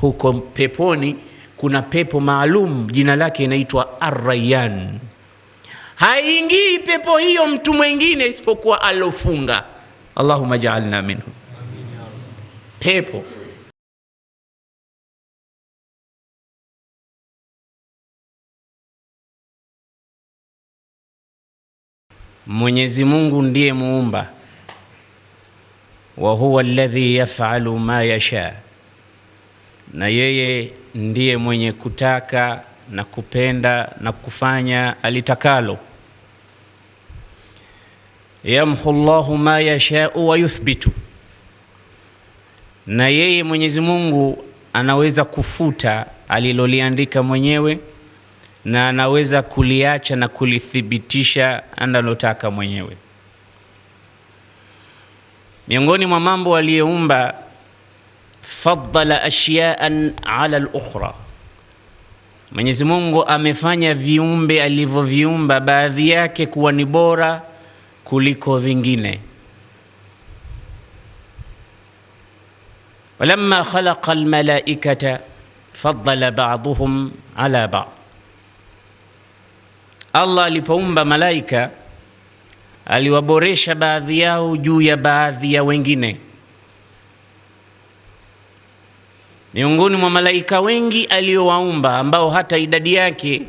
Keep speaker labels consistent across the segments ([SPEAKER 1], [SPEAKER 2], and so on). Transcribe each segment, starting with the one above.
[SPEAKER 1] huko peponi kuna pepo maalum jina lake inaitwa Arrayan. Haingii pepo hiyo mtu mwingine isipokuwa alofunga. Allahumma jaalna minhu Pepo Mwenyezi Mungu ndiye muumba, wa huwa alladhi yaf'alu ma yashaa na yeye ndiye mwenye kutaka na kupenda na kufanya alitakalo. Yamhu llahu ma yashau wa yuthbitu, na yeye Mwenyezi Mungu anaweza kufuta aliloliandika mwenyewe na anaweza kuliacha na kulithibitisha analotaka mwenyewe. Miongoni mwa mambo aliyeumba faddala ashyaan ala lukhra, Mwenyezi Mungu amefanya viumbe alivyoviumba baadhi yake kuwa ni bora kuliko vingine. walamma khalaqa lmalaikata faddala baduhum ala ba'd, Allah alipoumba malaika aliwaboresha baadhi yao juu ya baadhi ya wengine. miongoni mwa malaika wengi aliyowaumba ambao hata idadi yake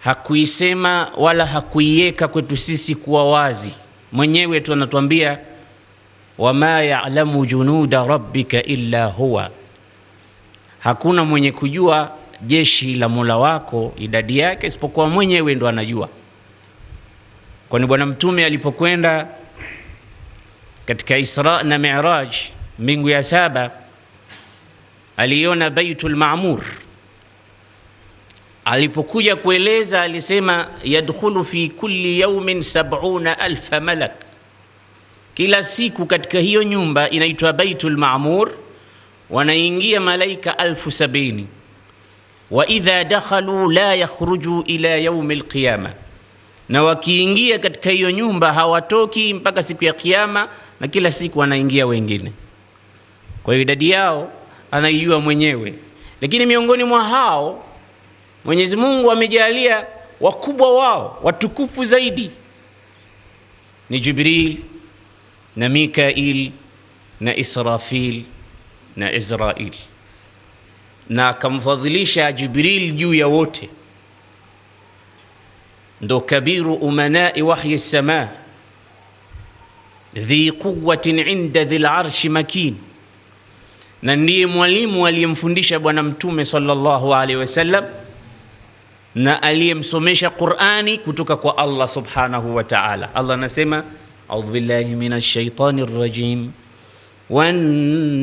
[SPEAKER 1] hakuisema wala hakuiweka kwetu sisi kuwa wazi. Mwenyewe tu anatuambia wama ya'lamu junuda rabbika illa huwa, hakuna mwenye kujua jeshi la Mola wako idadi yake isipokuwa mwenyewe ndo anajua. Kwani Bwana Mtume alipokwenda katika Isra na Miraj, mbingu ya saba aliona Baitul Maamur. Alipokuja kueleza alisema, yadkhulu fi kulli yawmin sab'una alfa malak, kila siku katika hiyo nyumba inaitwa Baitul Maamur wanaingia malaika alfu sabini wa idha dakhalu la yakhruju ila yaumi alqiyama, na wakiingia katika hiyo nyumba hawatoki mpaka siku ya Kiyama, na kila siku wanaingia wengine. Kwa hiyo idadi yao anaijua mwenyewe. Lakini miongoni mwa hao Mwenyezi Mungu amejalia wakubwa wao watukufu zaidi ni Jibril na Mikail na Israfil na Israil, na akamfadhilisha Jibril juu ya wote, ndo kabiru umanai wahyi samaa dhi quwatin inda dhil arshi makini na ndiye mwalimu aliyemfundisha Bwana Mtume sallallahu alaihi wasallam na aliyemsomesha Qur'ani kutoka kwa Allah subhanahu wa ta'ala. Allah anasema a'udhu billahi minash shaitani rrajim wan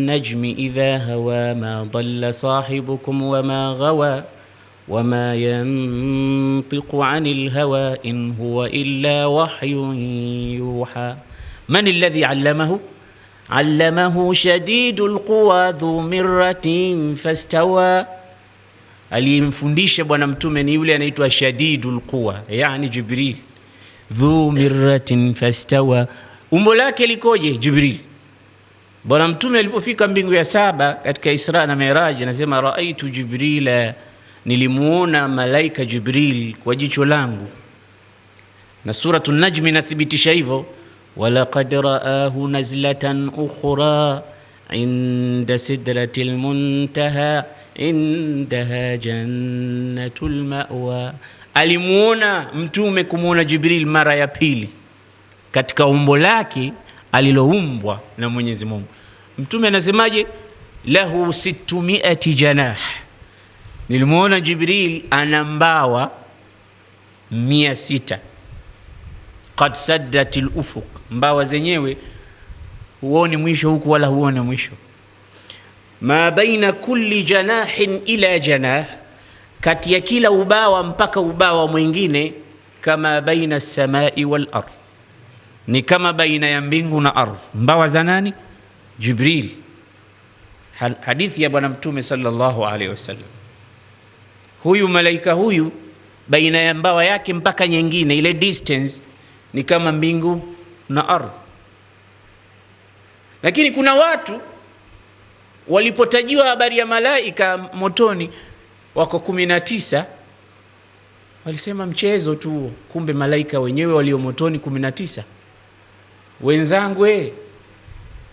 [SPEAKER 1] najmi idha hawa ma dalla sahibukum wa ma ghawa wa ma yantiqu 'anil hawa in huwa illa wahyun yuha man alladhi 'allamahu allamahu shadidul quwa dhu mirratin fastawa, aliyemfundisha Bwana Mtume ni yule anaitwa shadidu lquwa yani Jibril. Dhu mirratin fastawa, umbo lake likoje? Jibril. Bwana Mtume alipofika mbingu ya saba katika Isra na Miraji anasema raaitu Jibrila, nilimuona malaika Jibril kwa jicho langu, na Suratu Najmi inathibitisha hivyo ولقد رآه نزلة ukhra عند سدرة المنتهى عندها جنة المأوى alimuona Mtume كمونا Jibril mara ya pili katika umbo lake aliloumbwa na Mwenyezi Mungu. Mtume anasemaje? lahu sittumiati janah, nilimwona Jibril ana mbawa qad saddatil ufuq, mbawa zenyewe huoni mwisho huku wala huone mwisho. Ma baina kulli janahin ila janah, kati ya kila ubawa mpaka ubawa mwingine. Kama baina samai wal ard, ni kama baina ya mbingu na ardh. Mbawa za nani? Jibril. Hadithi ya Bwana Mtume sallallahu alaihi wasallam, huyu malaika huyu baina ya mbawa yake mpaka nyingine, ile distance ni kama mbingu na ardhi. Lakini kuna watu walipotajiwa habari ya malaika motoni wako kumi na tisa walisema mchezo tu kumbe malaika wenyewe walio motoni kumi na tisa Wenzangu we, eh,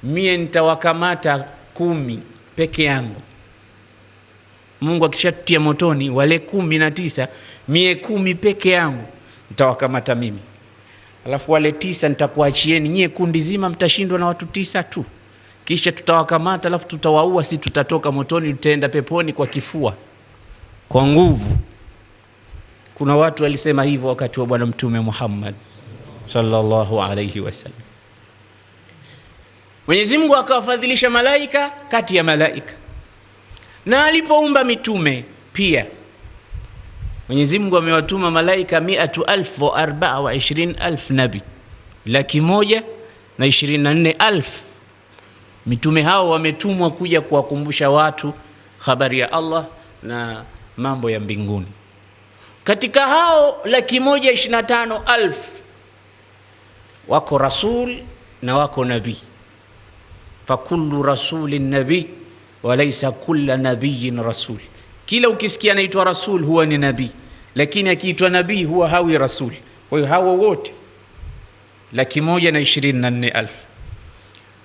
[SPEAKER 1] mie nitawakamata kumi peke yangu. Mungu akishatutia motoni wale kumi na tisa, mie kumi peke yangu nitawakamata mimi alafu wale tisa nitakuachieni nyie, kundi zima mtashindwa na watu tisa tu, kisha tutawakamata, alafu tutawaua, si tutatoka motoni, tutaenda peponi kwa kifua, kwa nguvu. Kuna watu walisema hivyo wakati wa Bwana Mtume Muhammad sallallahu alayhi wasallam. Mwenyezi Mungu akawafadhilisha malaika kati ya malaika, na alipoumba mitume pia Mwenyezi Mungu amewatuma malaika miatu wa arbaa wa ishirini nabi, laki moja na ishirini na nne alf. Mitume hao wametumwa kuja kuwakumbusha watu habari ya Allah na mambo ya mbinguni. Katika hao laki moja ishirini na tano wako rasul na wako nabii, fakullu rasulin nabii walaisa kulla nabiyin rasuli kila ukisikia anaitwa rasul huwa ni nabii, lakini akiitwa nabii huwa hawi rasul. Kwa hiyo hawa wote laki moja na ishirini na nne elfu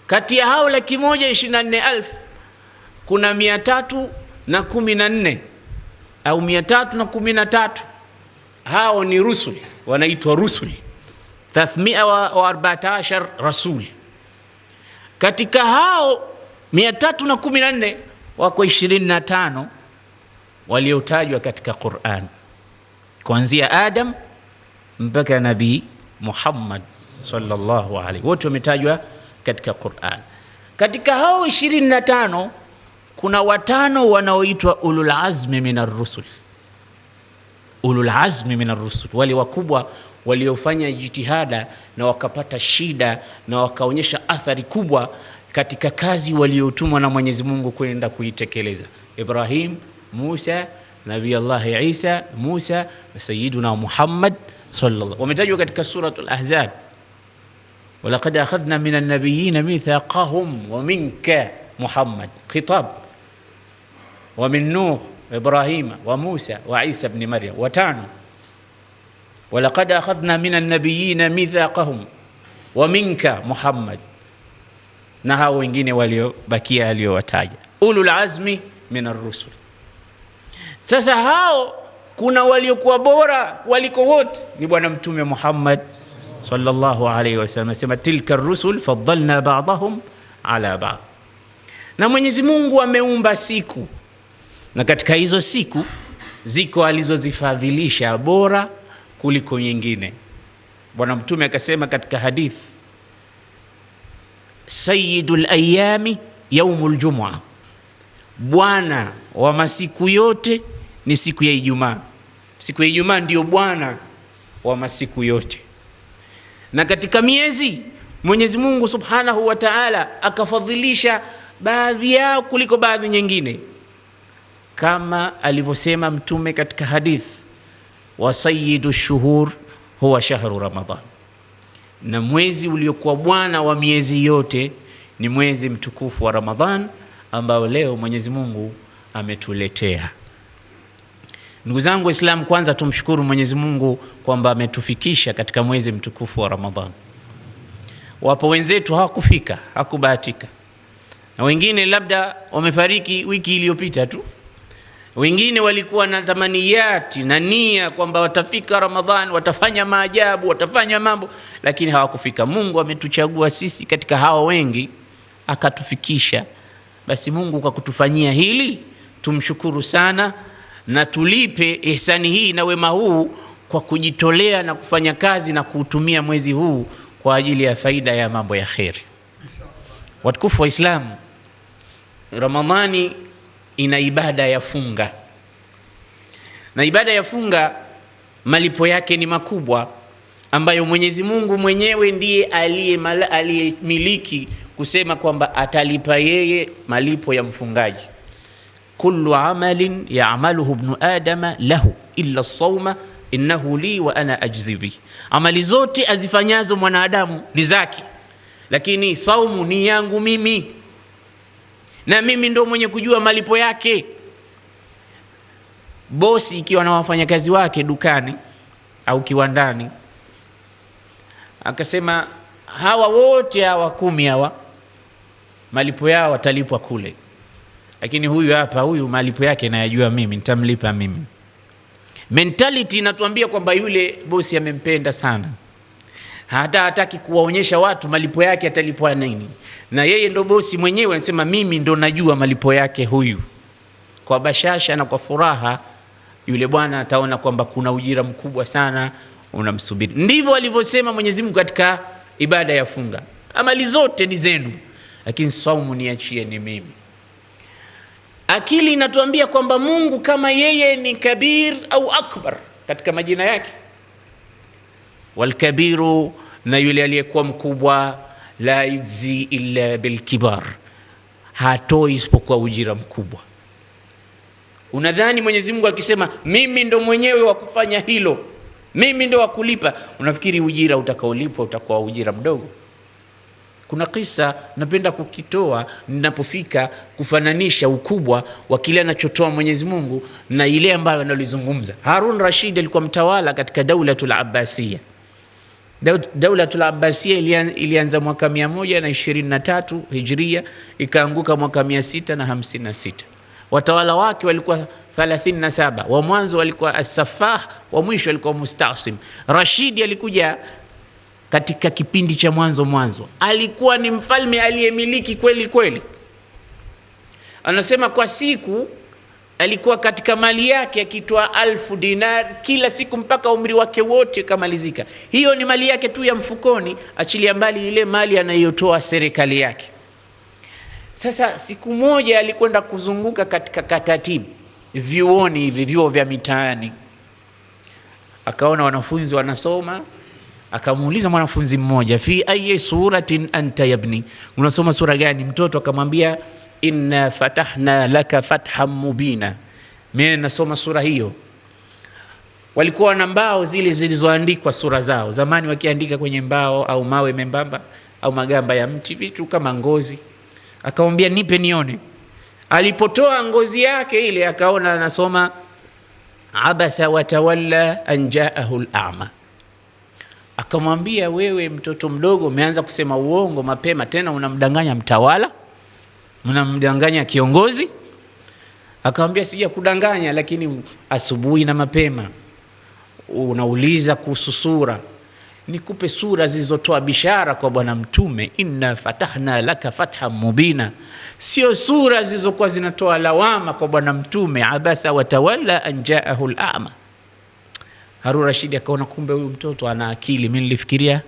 [SPEAKER 1] kati ya hao laki moja ishirini na nne elfu kuna mia tatu na kumi na nne au mia tatu na kumi na tatu hao ni rusul, wanaitwa rusul. thathmia wa arbatashar rasul. Katika hao mia tatu na kumi na nne wako ishirini na tano waliotajwa katika Qur'an kuanzia Adam mpaka Nabii Muhammad sallallahu alaihi, wote wametajwa katika Qur'an. Katika hao 25 kuna watano wanaoitwa ulul azmi minar rusul, ulul azmi minar rusul, wale wakubwa waliofanya jitihada na wakapata shida na wakaonyesha athari kubwa katika kazi waliotumwa na Mwenyezi Mungu kwenda kuitekeleza Ibrahim موسى نبي الله عيسى موسى سيدنا محمد صلى الله ومتجو katika كسورة الأحزاب ولقد أخذنا من النبيين ميثاقهم ومنك محمد خطاب ومن نوح إبراهيم وموسى وعيسى بن مريم وتانو ولقد أخذنا من النبيين ميثاقهم ومنك محمد na hao wengine waliobakia aliyowataja ulul azmi min Sasa hao kuna waliokuwa bora waliko wote ni Bwana Mtume Muhammad sallallahu alaihi wasallam asema, tilka rusul faddalna ba'dahum ala ba'd. Na Mwenyezi Mungu ameumba siku, na katika hizo siku ziko alizozifadhilisha bora kuliko nyingine. Bwana Mtume akasema katika hadithi, sayyidul ayami yaumul ljumua bwana wa masiku yote ni siku ya Ijumaa. Siku ya Ijumaa ndiyo bwana wa masiku yote, na katika miezi Mwenyezi Mungu Subhanahu wa Ta'ala akafadhilisha baadhi yao kuliko baadhi nyingine, kama alivyosema Mtume katika hadith, wa sayyidu shuhur huwa shahru ramadhan na mwezi uliokuwa bwana wa miezi yote ni mwezi mtukufu wa Ramadhan ambao leo Mwenyezi Mungu ametuletea. Ndugu zangu Waislamu, kwanza tumshukuru Mwenyezi Mungu kwamba ametufikisha katika mwezi mtukufu wa Ramadhani. Wapo wenzetu hawakufika, hakubahatika, na wengine labda wamefariki wiki iliyopita tu, wengine walikuwa na tamaniyati na nia kwamba watafika Ramadhani, watafanya maajabu, watafanya mambo, lakini hawakufika. Mungu ametuchagua sisi katika hawa wengi, akatufikisha. Basi Mungu kwa kutufanyia hili tumshukuru sana na tulipe ihsani hii na wema huu kwa kujitolea na kufanya kazi na kuutumia mwezi huu kwa ajili ya faida ya mambo ya kheri. Watukufu wa Islamu, Ramadhani ina ibada ya funga, na ibada ya funga malipo yake ni makubwa, ambayo Mwenyezi Mungu mwenyewe ndiye aliyemiliki kusema kwamba atalipa yeye malipo ya mfungaji kullu amalin yaamaluhu bnu adama lahu illa lsauma innahu li wa ana ajzi amali zote azifanyazo mwanadamu ni zake, lakini saumu ni yangu mimi, na mimi ndo mwenye kujua malipo yake. Bosi ikiwa na wafanyakazi wake dukani au kiwandani, akasema hawa wote hawa kumi hawa malipo yao watalipwa kule lakini huyu hapa, huyu malipo yake nayajua mimi, nitamlipa mimi. Mentality inatuambia kwamba yule bosi amempenda sana, hata hataki kuwaonyesha watu malipo yake atalipwa nini, na yeye ndo bosi mwenyewe. Anasema mimi ndo najua malipo yake huyu. Kwa bashasha na kwa furaha, yule bwana ataona kwamba kuna ujira mkubwa sana unamsubiri. Ndivyo alivyosema Mwenyezi Mungu katika ibada ya funga, amali zote ni zenu, lakini saumu niachie ni mimi. Akili inatuambia kwamba Mungu kama yeye ni kabir au akbar katika majina yake, walkabiru, na yule aliyekuwa mkubwa, la yujzi illa bilkibar, hatoi isipokuwa ujira mkubwa. Unadhani Mwenyezi Mungu akisema mimi ndo mwenyewe wa kufanya hilo, mimi ndo wa kulipa, unafikiri ujira utakaolipwa utakuwa ujira mdogo? Kuna kisa napenda kukitoa ninapofika kufananisha ukubwa wa kile anachotoa Mwenyezi Mungu na ile ambayo analizungumza. Harun Rashid alikuwa mtawala katika Daulatul Abbasiya. Daulatul Abbasiya ilianza mwaka 123 Hijria ikaanguka mwaka 656. Watawala wake walikuwa 37. Wa mwanzo walikuwa as wa mwisho alikuwa Mustasim. Rashid alikuja katika kipindi cha mwanzo mwanzo, alikuwa ni mfalme aliyemiliki kweli kweli. Anasema kwa siku alikuwa katika mali yake akitoa alfu dinar kila siku mpaka umri wake wote kamalizika. Hiyo ni mali yake tu ya mfukoni, achilia mbali ile mali anayotoa serikali yake. Sasa siku moja alikwenda kuzunguka katika katatibu vyuoni hivi vyuo vya mitaani, akaona wanafunzi wanasoma Akamuuliza mwanafunzi mmoja, fi ayi suratin anta yabni, unasoma sura gani mtoto? Akamwambia, inna fatahna laka fathan mubina, mimi nasoma sura hiyo. Walikuwa na mbao zile zilizoandikwa sura zao zamani, wakiandika kwenye mbao au mawe membamba au magamba ya mti, vitu kama ngozi. Akamwambia, nipe nione. Alipotoa ngozi yake ile, akaona anasoma abasa watawalla anjaahu lama al akamwambia, wewe mtoto mdogo, umeanza kusema uongo mapema, tena unamdanganya mtawala, unamdanganya kiongozi. Akamwambia, sija kudanganya, lakini asubuhi na mapema unauliza kuhusu sura nikupe sura zilizotoa bishara kwa Bwana Mtume, inna fatahna laka fathan mubina, sio sura zilizokuwa zinatoa lawama kwa Bwana Mtume. Abasa watawalla an jaahu Harun Rashid akaona kumbe huyu mtoto ana akili, mimi nilifikiria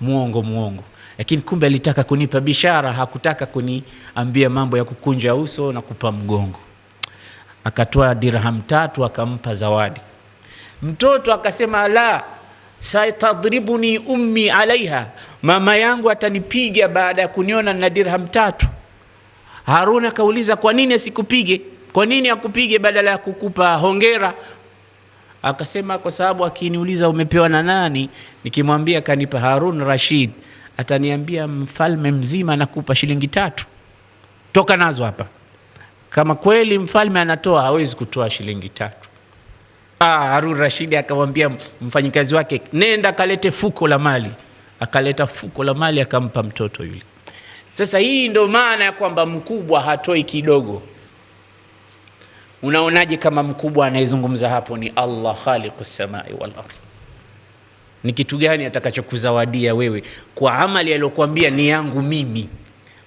[SPEAKER 1] muongo muongo, lakini kumbe alitaka kunipa bishara, hakutaka kuniambia mambo ya kukunja uso na kupa mgongo. Akatoa dirham tatu akampa zawadi mtoto, akasema la satadribuni ummi alaiha, mama yangu atanipiga baada ya kuniona na dirham tatu. Harun akauliza kwa nini asikupige? Kwa nini akupige badala ya kukupa hongera? Akasema kwa sababu akiniuliza umepewa na nani, nikimwambia kanipa Harun Rashid, ataniambia mfalme mzima anakupa shilingi tatu, toka nazo hapa. Kama kweli mfalme anatoa, hawezi kutoa shilingi tatu. Ah, Harun Rashid akamwambia mfanyikazi wake, nenda kalete fuko la mali. Akaleta fuko la mali akampa mtoto yule. Sasa hii ndio maana ya kwamba mkubwa hatoi kidogo. Unaonaje kama mkubwa anayezungumza hapo ni Allah khaliqu samai walard Ni kitu gani atakachokuzawadia wewe kwa amali aliyokuambia ni yangu mimi?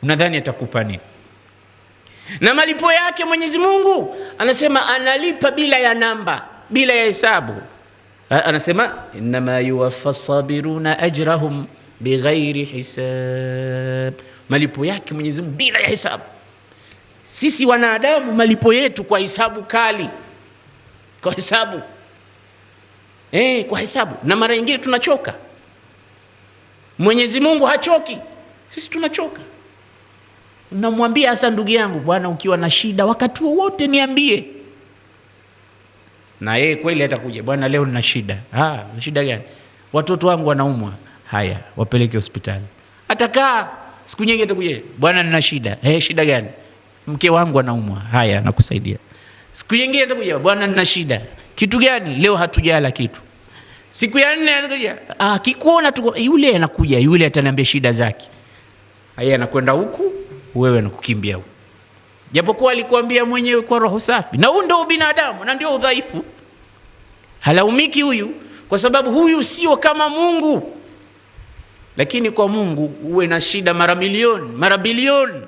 [SPEAKER 1] Unadhani atakupa nini? Na malipo yake Mwenyezi Mungu anasema analipa bila ya namba, bila ya hesabu. Anasema innama yuwafa sabiruna ajrahum bighairi hisab, malipo yake Mwenyezi Mungu bila ya hesabu sisi wanadamu malipo yetu kwa hesabu kali, kwa hesabu eh, kwa hesabu, na mara nyingine tunachoka. Mwenyezi Mungu hachoki, sisi tunachoka. Namwambia hasa ndugu yangu, bwana, ukiwa na shida wakati wowote niambie, na yeye kweli atakuja, bwana, leo nina shida. Ah, shida gani? Watoto wangu wanaumwa, haya wapeleke hospitali. Atakaa siku nyingi, atakuja, bwana, nina shida. Eh, shida gani? mke wangu anaumwa, haya nakusaidia. Siku nyingine atakuja, bwana, nina shida. Kitu gani? Leo hatujala kitu. Siku ya nne atakuja, ah, kikuona tu yule anakuja, yule ataniambia shida zake. Haya, anakwenda huku, wewe anakukimbia huku, japokuwa alikuambia mwenyewe kwa roho safi. Na huu ndio binadamu na ndio udhaifu. Halaumiki huyu kwa sababu huyu sio kama Mungu, lakini kwa Mungu uwe na shida mara milioni mara bilioni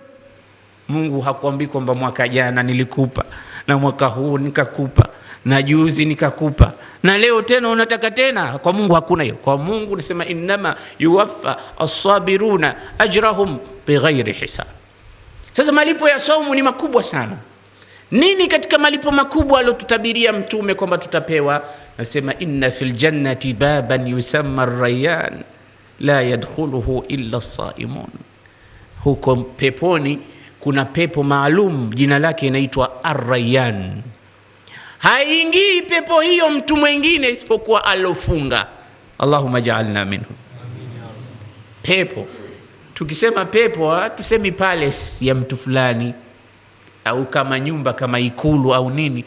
[SPEAKER 1] Mungu hakuambii kwamba mwaka jana nilikupa na mwaka huu nikakupa na juzi nikakupa na leo tena unataka tena. Kwa Mungu hakuna hiyo. Kwa Mungu nasema innama yuwaffa asabiruna ajrahum bighairi hisab. Sasa malipo ya saumu ni makubwa sana. Nini katika malipo makubwa aliyotutabiria Mtume kwamba tutapewa? Nasema inna fil jannati baban yusamma rayyan la yadkhuluhu illa saimun huko peponi kuna pepo maalum jina lake inaitwa Arrayan. Haingii pepo hiyo mtu mwingine isipokuwa alofunga. allahuma jaalna minhu. Pepo tukisema pepo tusemi pales ya mtu fulani au kama nyumba kama ikulu au nini.